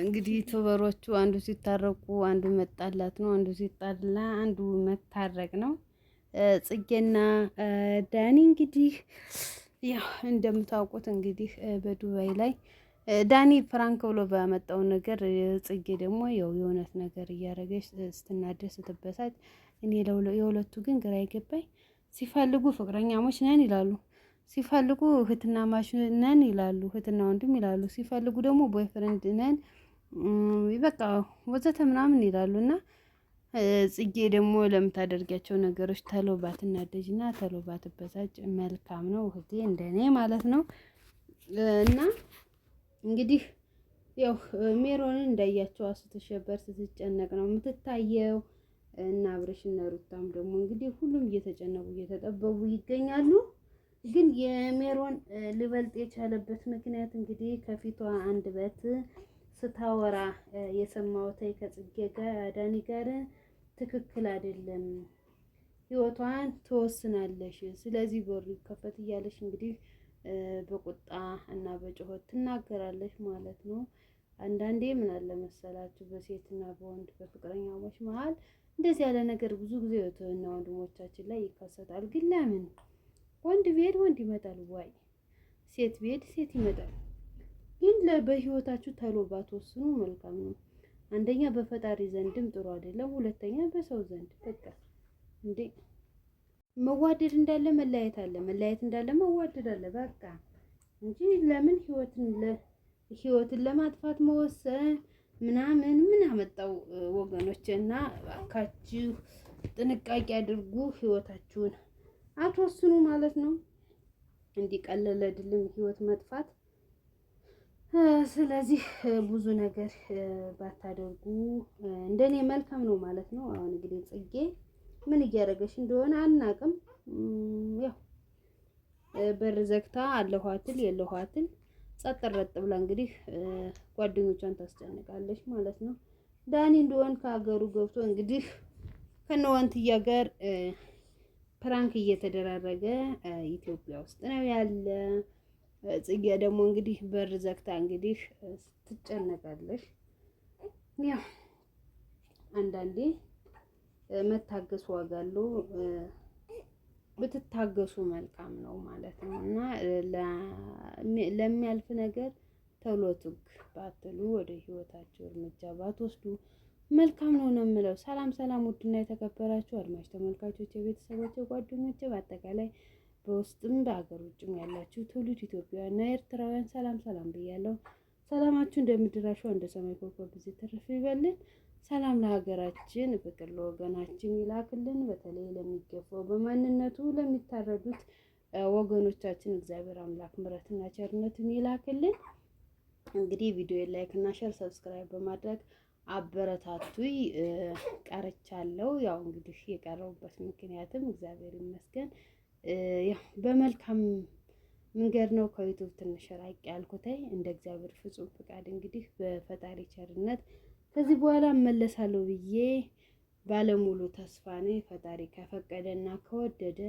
እንግዲህ ቱበሮቹ አንዱ ሲታረቁ አንዱ መጣላት ነው፣ አንዱ ሲጣላ አንዱ መታረቅ ነው። ጽጌና ዳኒ እንግዲህ ያው እንደምታውቁት እንግዲህ በዱባይ ላይ ዳኒ ፍራንክ ብሎ በመጣው ነገር ጽጌ ደግሞ ያው የእውነት ነገር እያደረገች ስትናደድ ስትበሳጭ፣ እኔ የሁለቱ ግን ግራ ይገባኝ። ሲፈልጉ ፍቅረኛሞች ነን ይላሉ ሲፈልጉ እህትና ማሽ ነን ይላሉ፣ እህትና ወንድም ይላሉ። ሲፈልጉ ደግሞ ቦይፍሬንድ ነን በቃ ወዘተ ምናምን ይላሉ። እና ጽጌ ደግሞ ለምታደርጊያቸው ነገሮች ተሎ ባትናደጅ እና ተሎ በሳጭ መልካም ነው እህቴ፣ እንደኔ ማለት ነው። እና እንግዲህ ያው ሜሮንን እንዳያቸው ስትሸበር ስትጨነቅ ነው የምትታየው። እና አብረሽ እና ሩታም ደግሞ እንግዲህ ሁሉም እየተጨነቁ እየተጠበቡ ይገኛሉ። የሜሮን ሊበልጥ የቻለበት ምክንያት እንግዲህ ከፊቷ በት ስታወራ የሰማሁት ከጽጌ ጋር አዳኒ ጋር ትክክል አይደለም፣ ህይወቷን ትወስናለሽ፣ ስለዚህ በሩ ይከፈት እያለሽ እንግዲህ በቁጣ እና በጩኸት ትናገራለች ማለት ነው። አንዳንዴ ምን አለ መሰላችሁ በሴትና በወንድ በፍቅረኛሞች መሀል እንደዚህ ያለ ነገር ብዙ ጊዜ እህትና ወንድሞቻችን ላይ ይከሰታል። ግን ለምን ወንድ ቢሄድ ወንድ ይመጣል፣ ዋይ ሴት ቢሄድ ሴት ይመጣል። ግን በህይወታችሁ ተሎ ባትወስኑ መልካም ነው። አንደኛ በፈጣሪ ዘንድም ጥሩ አይደለም፣ ሁለተኛ በሰው ዘንድ በቃ እንዴ መዋደድ እንዳለ መለያየት አለ፣ መለያየት እንዳለ መዋደድ አለ። በቃ እንጂ ለምን ህይወትን ህይወትን ለማጥፋት መወሰን ምናምን ምን አመጣው? ወገኖች? እና እባካችሁ ጥንቃቄ አድርጉ ህይወታችሁን አትወስኑ ማለት ነው። እንዲቀለል አይደለም ህይወት መጥፋት። ስለዚህ ብዙ ነገር ባታደርጉ እንደኔ መልካም ነው ማለት ነው። አሁን እንግዲህ ጽጌ ምን እያደረገች እንደሆነ አናቅም። ያው በር ዘግታ አለኋትል የለኋትል ጸጥ ረጥ ብላ እንግዲህ ጓደኞቿን ታስጨንቃለች ማለት ነው። ዳኒ እንደሆን ከሀገሩ ገብቶ እንግዲህ ከነወንትያ ጋር ፕራንክ እየተደራረገ ኢትዮጵያ ውስጥ ነው ያለ። ጽጌ ደግሞ እንግዲህ በር ዘግታ እንግዲህ ትጨነቃለሽ። ያው አንዳንዴ መታገሱ ዋጋ አለው። ብትታገሱ መልካም ነው ማለት ነው እና ለሚያልፍ ነገር ቶሎ ትግ ባትሉ ወደ ህይወታችሁ እርምጃ ባትወስዱ መልካም ነው ነው የምለው። ሰላም ሰላም! ውድና የተከበራችሁ አድማጭ ተመልካቾች፣ የቤተሰቦች ጓደኞች፣ በአጠቃላይ በውስጥም በአገር ውጭም ያላችሁ ትውልድ ኢትዮጵያውያንና ኤርትራውያን ሰላም ሰላም ብያለሁ። ሰላማችሁ እንደምድራሹ እንደ ሰማይ ኮከብ ብዙ ትርፍ ይበልን። ሰላም ለሀገራችን ፍቅር ለወገናችን ይላክልን። በተለይ ለሚገፋው በማንነቱ ለሚታረዱት ወገኖቻችን እግዚአብሔር አምላክ ምሕረትና ቸርነትን ይላክልን። እንግዲህ ቪዲዮ ላይክ እና ሸር ሰብስክራይብ በማድረግ አበረታቱኝ ቀርቻለሁ። ያው እንግዲህ የቀረቡበት ምክንያትም እግዚአብሔር ይመስገን ያው በመልካም መንገድ ነው ከዩቱብ ትንሽ ራቅ ያልኩትኝ እንደ እግዚአብሔር ፍጹም ፍቃድ እንግዲህ በፈጣሪ ቸርነት ከዚህ በኋላ እመለሳለሁ ብዬ ባለሙሉ ተስፋ ነኝ። ፈጣሪ ከፈቀደና ከወደደ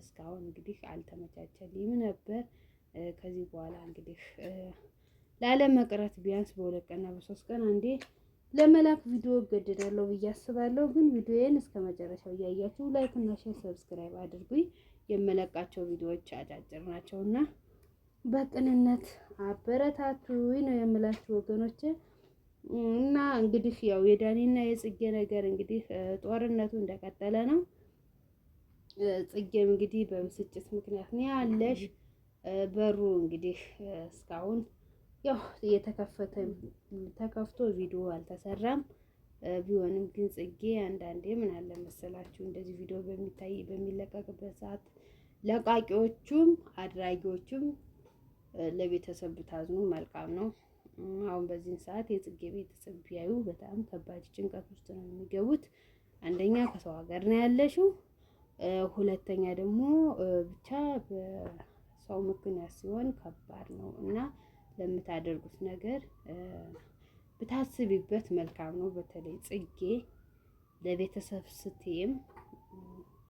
እስካሁን እንግዲህ አልተመቻቸልኝም ነበር። ከዚህ በኋላ እንግዲህ ላለመቅረት ቢያንስ በሁለት ቀና በሶስት ቀን አንዴ ለመላክ ቪዲዮ እገደዳለሁ ብዬ አስባለሁ። ግን ቪዲዮዬን እስከ መጨረሻው እያያችሁ ላይክ እና ሼር ሰብስክራይብ አድርጉኝ። የመለቃቸው ቪዲዮዎች አጫጭር ናቸውና በቅንነት አበረታቱኝ ነው የምላችሁ ወገኖች። እና እንግዲህ ያው የዳኒና የጽጌ ነገር እንግዲህ ጦርነቱ እንደቀጠለ ነው። ጽጌም እንግዲህ በብስጭት ምክንያት ነው ያለሽ በሩ እንግዲህ እስካሁን ያው የተከፈተ ተከፍቶ ቪዲዮ አልተሰራም ቢሆንም ግን ጽጌ አንዳንዴ ምን አለ መሰላችሁ እንደዚህ ቪዲዮ በሚታይ በሚለቀቅበት ሰዓት ለቃቂዎቹም አድራጊዎቹም ለቤተሰብ ብታዝኑ መልካም ነው። አሁን በዚህን ሰዓት የጽጌ ቤተሰብ ቢያዩ በጣም ከባድ ጭንቀት ውስጥ ነው የሚገቡት። አንደኛ ከሰው ሀገር ነው ያለሽው፣ ሁለተኛ ደግሞ ብቻ በሰው ምክንያት ሲሆን ከባድ ነው እና ለምታደርጉት ነገር ብታስቢበት መልካም ነው። በተለይ ጽጌ ለቤተሰብ ስትይም